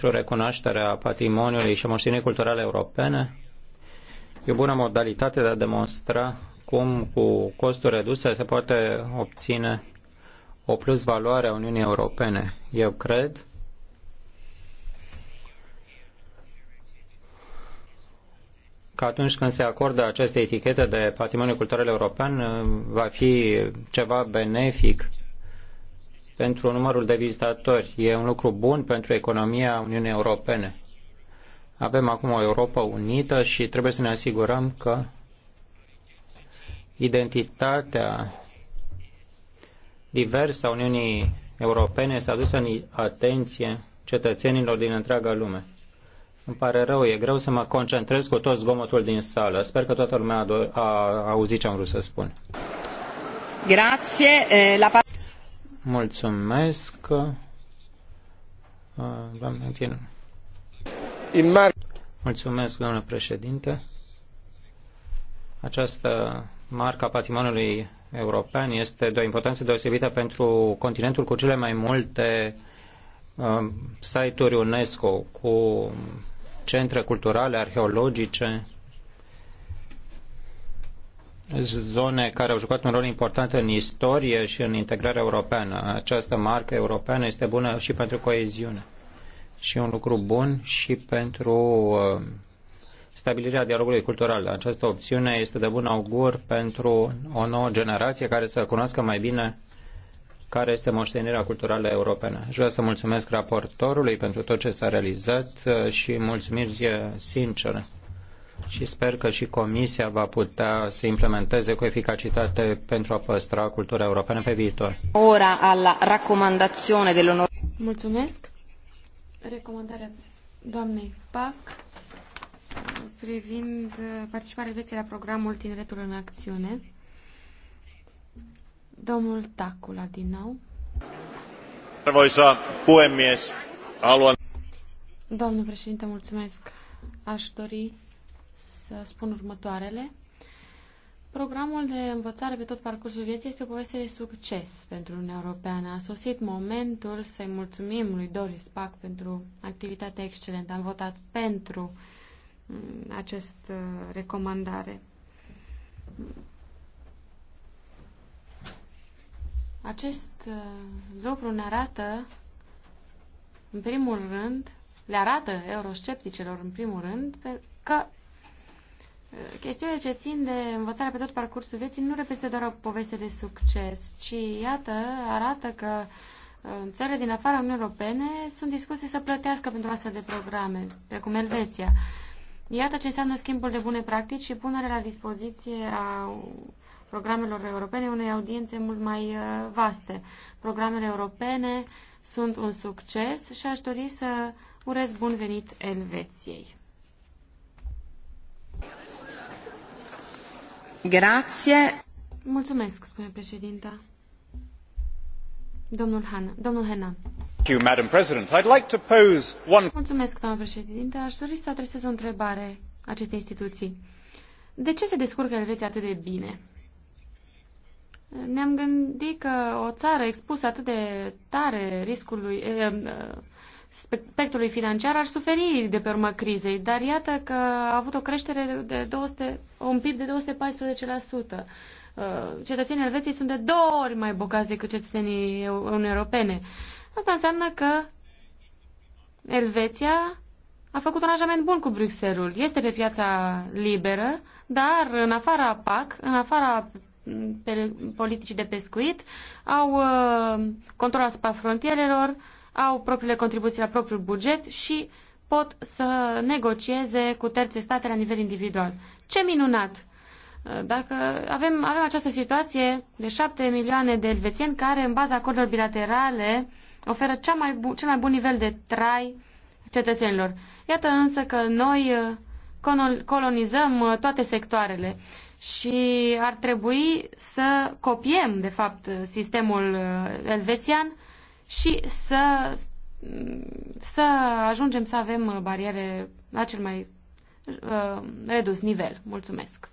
pentru recunoașterea patrimoniului și moștenirii culturale europene. E o bună modalitate de a demonstra cum cu costuri reduse se poate obține o plus valoare a Uniunii Europene. Eu cred că atunci când se acordă aceste etichete de patrimoniu cultural european va fi ceva benefic pentru numărul de vizitatori. E un lucru bun pentru economia Uniunii Europene. Avem acum o Europa unită și trebuie să ne asigurăm că identitatea diversă a Uniunii Europene s-a dus în atenție cetățenilor din întreaga lume. Îmi pare rău, e greu să mă concentrez cu tot zgomotul din sală. Sper că toată lumea a auzit ce am vrut să spun. Grazie. Eh, la... Mulțumesc. Uh, doamna Mulțumesc, domnule președinte. Această marca patrimoniului european este de o importanță deosebită pentru continentul cu cele mai multe uh, site-uri UNESCO, cu centre culturale, arheologice, zone care au jucat un rol important în istorie și în integrarea europeană. Această marcă europeană este bună și pentru coeziune și un lucru bun și pentru uh, stabilirea dialogului cultural. Această opțiune este de bun augur pentru o nouă generație care să cunoască mai bine care este moștenirea culturală europeană. Aș vrea să mulțumesc raportorului pentru tot ce s-a realizat uh, și mulțumiri uh, sincere și sper că și Comisia va putea să implementeze cu eficacitate pentru a păstra cultura europeană pe viitor. Ora alla raccomandazione dell'onore. Mulțumesc. Recomandarea doamnei PAC uh, privind uh, participarea Elveției la programul Tineretul în Acțiune. Domnul Tacula din nou. Arvoisa puhemies, haluan... Domnul președinte, mulțumesc. Aș dori să spun următoarele. Programul de învățare pe tot parcursul vieții este o poveste de succes pentru Uniunea Europeană. A sosit momentul să-i mulțumim lui Doris Pac pentru activitatea excelentă. Am votat pentru mm, această recomandare. Acest uh, lucru ne arată, în primul rând, le arată euroscepticelor, în primul rând, că Chestiunile ce țin de învățarea pe tot parcursul vieții nu reprezintă doar o poveste de succes, ci, iată, arată că în țările din afara Uniunii Europene sunt dispuse să plătească pentru astfel de programe, precum Elveția. Iată ce înseamnă schimbul de bune practici și punerea la dispoziție a programelor europene unei audiențe mult mai uh, vaste. Programele europene sunt un succes și aș dori să urez bun venit Elveției. Grație. Mulțumesc, spune președinta. Domnul Han, domnul Henan. Mulțumesc, doamnă președinte. Aș dori să adresez o întrebare acestei instituții. De ce se descurcă Elveția atât de bine? Ne-am gândit că o țară expusă atât de tare riscului, eh, spectrului financiar ar suferi de pe urma crizei, dar iată că a avut o creștere de 200, un PIB de 214%. Uh, cetățenii Elveției sunt de două ori mai bogați decât cetățenii europene. Asta înseamnă că Elveția a făcut un aranjament bun cu Bruxelles. Este pe piața liberă, dar în afara PAC, în afara mm, politicii de pescuit, au uh, control asupra frontierelor, au propriile contribuții la propriul buget și pot să negocieze cu terțe state la nivel individual. Ce minunat! Dacă avem, avem această situație de șapte milioane de elvețieni care, în baza acordurilor bilaterale, oferă cea mai bu- cel mai bun nivel de trai cetățenilor. Iată însă că noi uh, colonizăm uh, toate sectoarele și ar trebui să copiem, de fapt, uh, sistemul elvețian și să, să ajungem să avem uh, bariere la cel mai uh, redus nivel. Mulțumesc!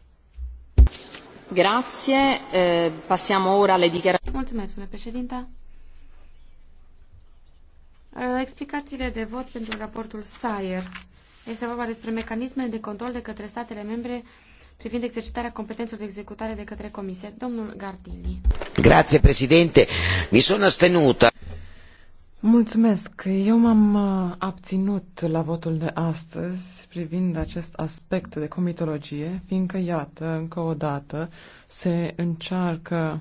Grazie, uh, passiamo ora alle dichiarazioni. Mulțumesc, domnule președinte. Eh, explicațiile de vot pentru raportul SAIER. Este vorba despre mecanismele de control de către statele membre privind exercitarea competențelor de executare de către Comisie. Domnul Gardini. Grazie, președinte. Mi sono astenuta. Mulțumesc. Eu m-am uh, abținut la votul de astăzi privind acest aspect de comitologie, fiindcă, iată, încă o dată se încearcă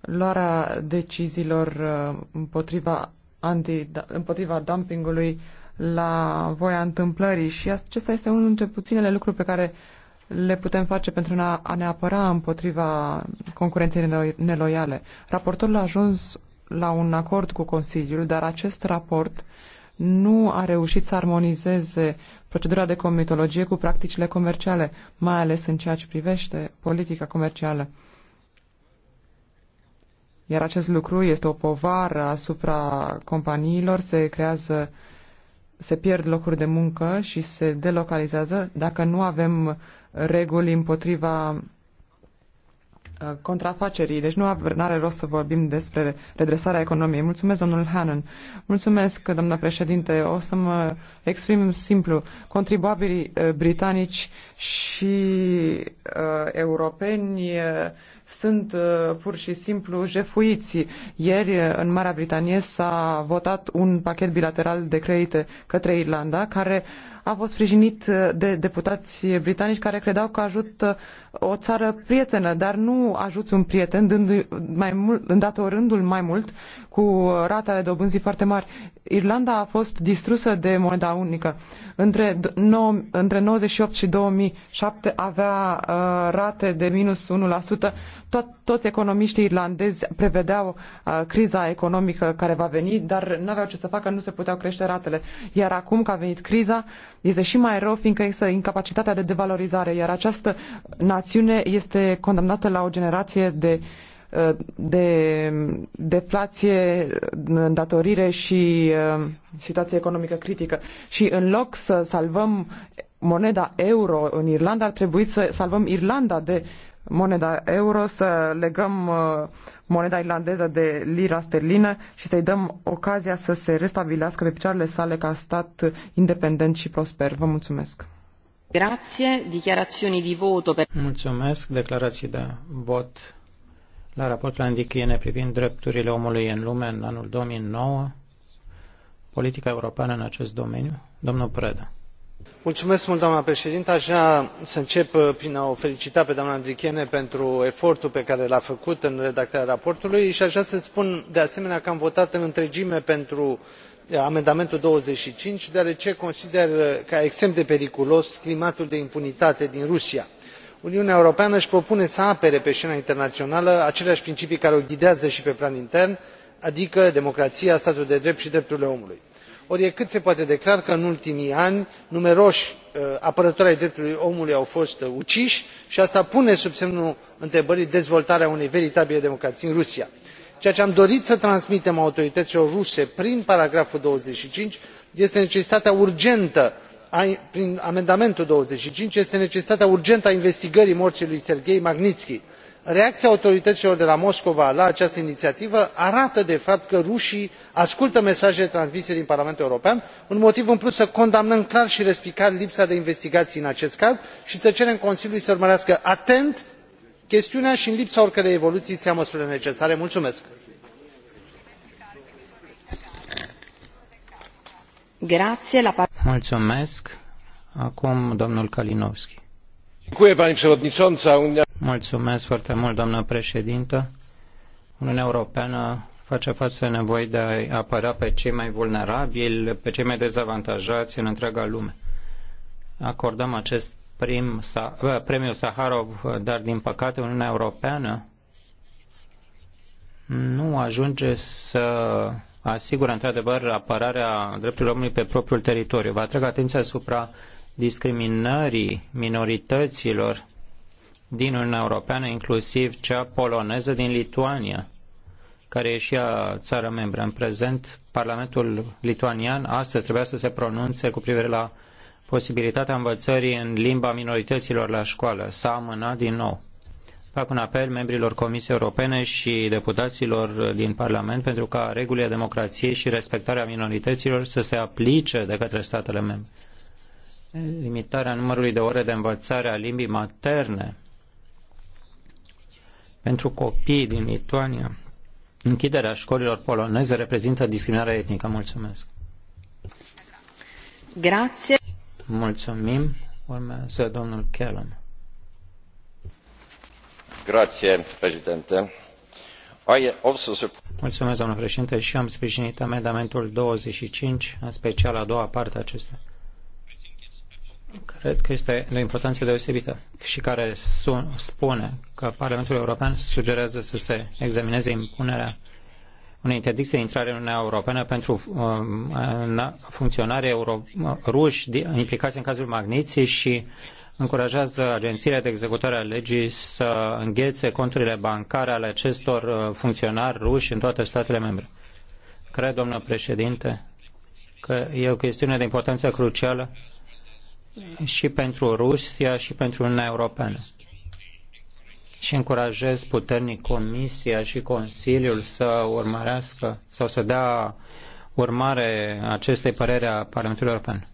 luarea deciziilor uh, împotriva, anti, da, împotriva dumpingului la voia întâmplării și acesta este unul dintre puținele lucruri pe care uh, le putem face pentru a ne apăra împotriva concurenței neloiale. Raportorul a ajuns la un acord cu Consiliul, dar acest raport nu a reușit să armonizeze procedura de comitologie cu practicile comerciale, mai ales în ceea ce privește politica comercială. Iar acest lucru este o povară asupra companiilor, se creează uh, se pierd locuri de muncă și se delocalizează dacă nu avem reguli împotriva uh, contrafacerii. Deci nu are rost să vorbim despre redresarea economiei. Mulțumesc, domnul Hannan. Mulțumesc, doamna președinte. O să mă exprim simplu. Contribuabilii uh, britanici și uh, europeni uh, sunt uh, pur și simplu jefuiți. Ieri, uh, în Marea Britanie, s-a votat un pachet bilateral de credite către Irlanda, care a fost sprijinit uh, de deputați britanici care credeau că ajută o țară prietenă, dar nu ajuți un prieten mai mult, îndatorându-l mai mult cu ratele de dobânzii foarte mari. Irlanda a fost distrusă de moneda unică. Între, 9, între 98 și 2007 avea uh, rate de minus 1%, tot, toți economiștii irlandezi prevedeau uh, criza economică care va veni, dar nu aveau ce să facă, nu se puteau crește ratele. Iar acum că a venit criza, este și mai rău, fiindcă există incapacitatea de devalorizare, iar această națiune este condamnată la o generație de uh, de deflație, îndatorire și uh, situație economică critică. Și în loc să salvăm moneda euro în Irlanda, ar trebui să salvăm Irlanda de moneda euro, să legăm uh, moneda irlandeză de lira sterlină și să-i dăm ocazia să se restabilească de picioarele sale ca stat independent și prosper. Vă mulțumesc! Grazie, dichiarazioni di voto per... Mulțumesc, declarații de vot la raportul Andichiene privind drepturile omului în lume în anul 2009, politica europeană în acest domeniu. Domnul Preda a vrea să încep uh, prin a o felicita pe doamna andrikien pentru efortul pe care l a făcut în redactarea raportului i a vrea să spun de asemenea că am votat în întregime pentru uh, amendamentul douăzeci și cinci deoarece consider uh, ca extrem de periculos climatul de impunitate din rusia. uniunea europeană îi propune să apere pe scena internaională aceleai principii care o ghidează i pe plan intern adică democraia statul de drept i drepturile omului ori e cât se poate de clar că în ultimii ani numeroși uh, apărători ai drepturilor omului au fost uh, uciși și asta pune sub semnul întrebării dezvoltarea unei veritabile democrații în rusia. ceea ce am dorit să transmitem autorităților ruse prin paragraful douăzeci și cinci prin amendamentul douăzeci și cinci este necesitatea urgentă a investigării morții lui serghei magnitski reacia autorităilor de la moscova la această iniiativă arată de fapt că ruii ascultă mesajele transmise din parlamentul european un motiv în plus să condamnăm clar i răspicat lipsa de investigaii în acest caz i să cerem consiliului să urmărească atent chestiunea i în lipsa oricărei evoluii să ia măsurile necesare. Mulțumesc foarte mult, doamnă președintă. Uniunea Europeană face față nevoii de a apăra pe cei mai vulnerabili, pe cei mai dezavantajați în întreaga lume. Acordăm acest prim, premiu Saharov, dar din păcate Uniunea Europeană nu ajunge să asigură într-adevăr apărarea drepturilor omului pe propriul teritoriu. Vă atrag atenția asupra discriminării minorităților din Uniunea Europeană, inclusiv cea poloneză din Lituania, care e și a țară membră. În prezent, Parlamentul lituanian astăzi trebuia să se pronunțe cu privire la posibilitatea învățării în limba minorităților la școală. S-a amânat din nou. Fac un apel membrilor Comisiei Europene și deputaților din Parlament pentru ca regulile democrației și respectarea minorităților să se aplice de către statele membre. Limitarea numărului de ore de învățare a limbii materne pentru copii din Lituania. Închiderea școlilor poloneze reprezintă discriminare etnică. Mulțumesc. Grație. Mulțumim. Urmează domnul Kellam. Grație, președinte. Also... Mulțumesc, domnule președinte, și am sprijinit amendamentul 25, în special a doua parte a acestuia cred că este de importanță deosebită și care spune că Parlamentul European sugerează să se examineze impunerea unei interdicții de intrare în Uniunea Europeană pentru um, funcționare euro, ruși implicați în cazul Magniții și încurajează agențiile de executare a legii să înghețe conturile bancare ale acestor uh, funcționari ruși în toate statele membre. Cred, domnule președinte, că e o chestiune de importanță crucială și pentru Rusia și pentru Uniunea Europeană. Și încurajez puternic Comisia și Consiliul să urmărească sau să dea urmare acestei păreri a Parlamentului European.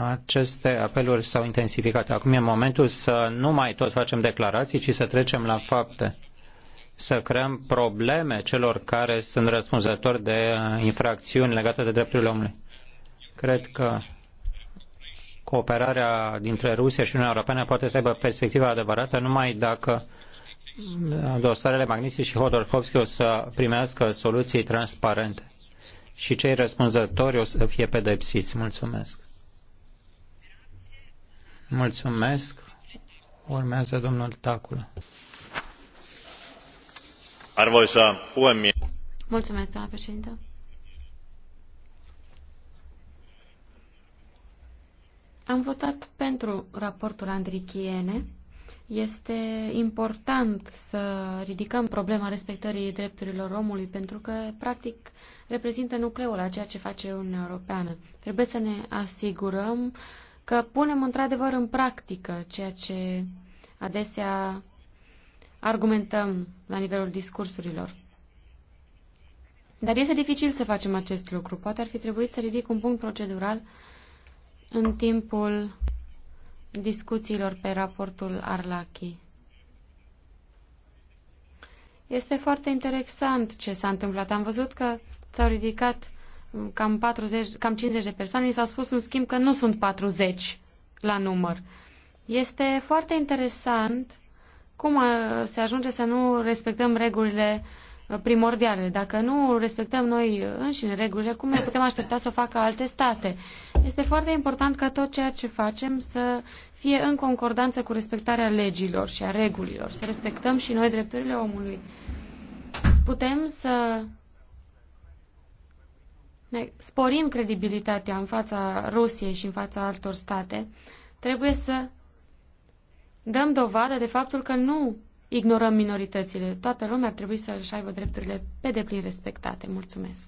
Aceste apeluri s-au intensificat. Acum e momentul să nu mai tot facem declarații, ci să trecem la fapte. Să creăm probleme celor care sunt răspunzători de infracțiuni legate de drepturile omului. Cred că cooperarea dintre Rusia și Uniunea Europeană poate să aibă perspectiva adevărată numai dacă dosarele Magnitsky și Hodorkovski o să primească soluții transparente și cei răspunzători o să fie pedepsiți. Mulțumesc. Mulțumesc. Urmează domnul Tacula. Arvoisa puhemies. Mulțumesc, doamna președintă. Am votat pentru raportul Andrichiene. Este important să ridicăm problema respectării drepturilor omului pentru că, practic, reprezintă nucleul a ceea ce face Uniunea Europeană. Trebuie să ne asigurăm că punem într-adevăr în practică ceea ce adesea argumentăm la nivelul discursurilor. Dar este dificil să facem acest lucru. Poate ar fi trebuit să ridic un punct procedural uh, în timpul discuțiilor pe raportul Arlachi. Este foarte interesant ce s-a întâmplat. Am văzut că s-au ridicat cam, 40, cam 50 de persoane și s-au spus în schimb că nu sunt 40 la număr. Este foarte interesant cum se ajunge să nu respectăm regulile primordiale. Dacă nu respectăm noi înșine regulile, cum ne putem aștepta să o facă alte state? Este foarte important ca tot ceea ce facem să fie în concordanță cu respectarea legilor și a regulilor, să respectăm și noi drepturile omului. Putem să ne sporim credibilitatea în fața Rusiei și în fața altor state. Trebuie să dăm dovadă de faptul că nu ignorăm minoritățile. Toată lumea ar trebui să-și aibă drepturile pe deplin respectate. Mulțumesc.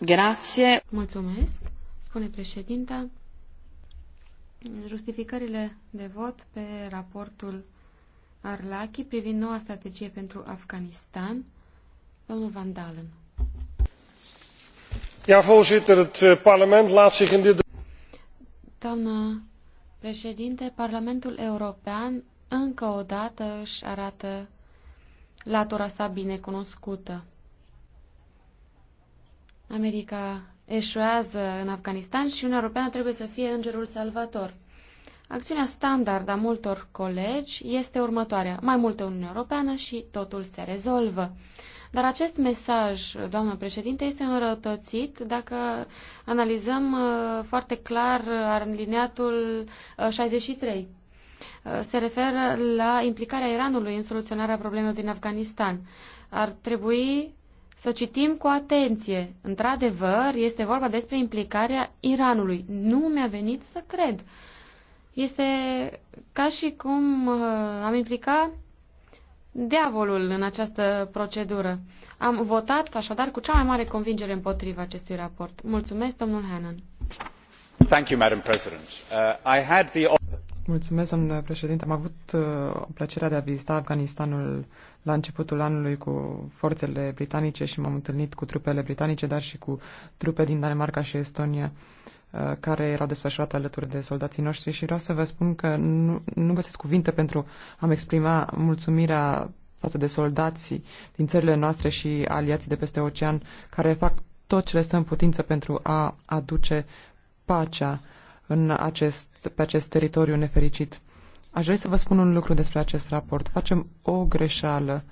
Grație. Mulțumesc, spune președinta. Justificările de vot pe raportul Arlachi privind noua strategie pentru Afganistan. Domnul Van Dalen. Ja, voorzitter, het eh, parlement laat zich in dit... Doamnă președinte, Parlamentul European încă o dată își arată latura sa binecunoscută. America eșuează în Afganistan și Uniunea Europeană trebuie să fie îngerul salvator. Acțiunea standard a multor colegi este următoarea. Mai multă Uniune Europeană și totul se rezolvă. Dar acest mesaj, doamnă președinte, este înrătățit dacă analizăm uh, foarte clar uh, aliniatul 63. Uh, Uh, se referă la implicarea Iranului în soluționarea problemelor din Afganistan. Ar trebui să citim cu atenție. Într-adevăr, este vorba despre implicarea Iranului. Nu mi-a venit să cred. Este ca și cum uh, am implicat diavolul în această procedură. Am votat așadar cu cea mai mare convingere împotriva acestui raport. Mulțumesc, domnul Hannan. Thank you, Madam President. Uh, I had the Mulțumesc, domnule președinte. Am avut uh, plăcerea de a vizita Afganistanul la începutul anului cu forțele britanice și m-am întâlnit cu trupele britanice, dar și cu trupe din Danemarca și Estonia uh, care erau desfășurate alături de soldații noștri și vreau să vă spun că nu, nu găsesc cuvinte pentru a-mi exprima mulțumirea față de soldații din țările noastre și aliații de peste ocean care fac tot ce le stă în putință pentru a aduce pacea în acest, pe acest teritoriu nefericit. Aș vrea să vă spun un lucru despre acest raport. Facem o greșeală.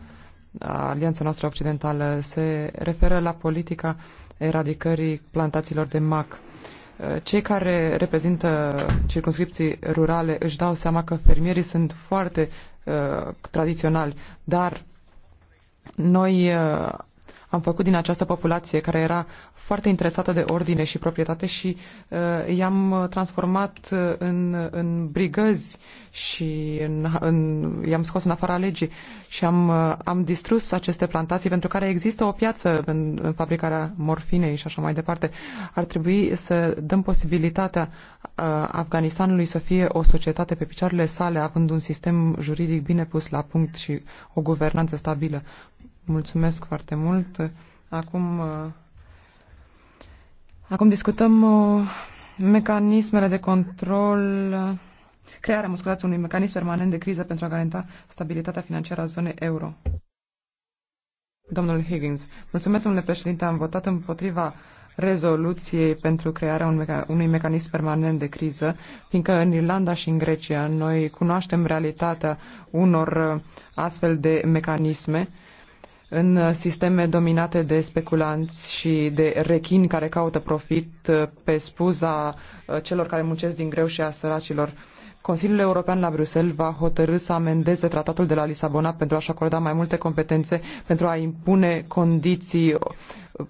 Alianța noastră occidentală se referă la politica eradicării plantațiilor de mac. Cei care reprezintă circunscripții rurale își dau seama că fermierii sunt foarte uh, tradiționali, dar noi uh, am făcut din această populație care era foarte interesată de ordine și proprietate și uh, i-am uh, transformat uh, în, în brigăzi și în, în, i-am scos în afara legii și am, uh, am distrus aceste plantații pentru care există o piață în, în fabricarea morfinei și așa mai departe. Ar trebui să dăm posibilitatea uh, Afganistanului să fie o societate pe picioarele sale, având un sistem juridic bine pus la punct și o guvernanță stabilă. Mulțumesc foarte mult. Acum, uh, acum discutăm uh, mecanismele de control, uh, crearea, mă scuzați, unui mecanism permanent de criză pentru a garanta stabilitatea financiară a zonei euro. Domnul Higgins, mulțumesc, domnule președinte, am votat împotriva rezoluției pentru crearea unui mecanism permanent de criză, fiindcă în Irlanda și în Grecia noi cunoaștem realitatea unor astfel de mecanisme în sisteme dominate de speculanți și de rechini care caută profit uh, pe spuza uh, celor care muncesc din greu și a săracilor. Consiliul European la Bruxelles va hotărâ să amendeze tratatul de la Lisabona pentru a-și acorda mai multe competențe pentru a impune condiții uh,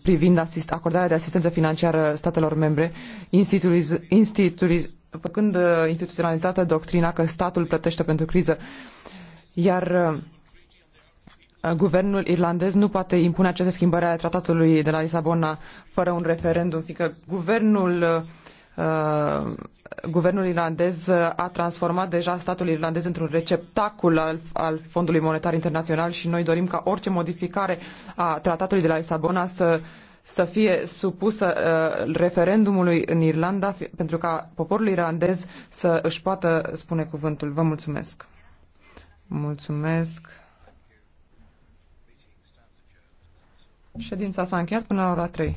privind asist- acordarea de asistență financiară statelor membre, instituiz- instituiz- făcând instituționalizată doctrina că statul plătește pentru criză. Iar uh, Uh, guvernul irlandez nu poate impune aceste schimbări ale tratatului de la Lisabona fără un referendum, fiindcă guvernul uh, guvernul irlandez a transformat deja statul irlandez într-un receptacul al, al Fondului Monetar Internațional și noi dorim ca orice modificare a tratatului de la Lisabona să să fie supusă uh, referendumului în Irlanda fi, pentru ca poporul irlandez să își poată spune cuvântul. Vă mulțumesc. Mulțumesc. Ședința s-a încheiat până la ora 3.